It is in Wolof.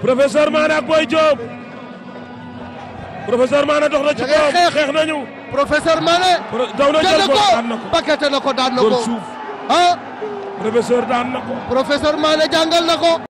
professeur Mané ak Boy Diop professeur Mané dox na ci xeex nañu. professeur Mané. daw na ko daan na ko paquete na ko daan na ko. professeur daan na ko. professeur Mané jàngal na ko.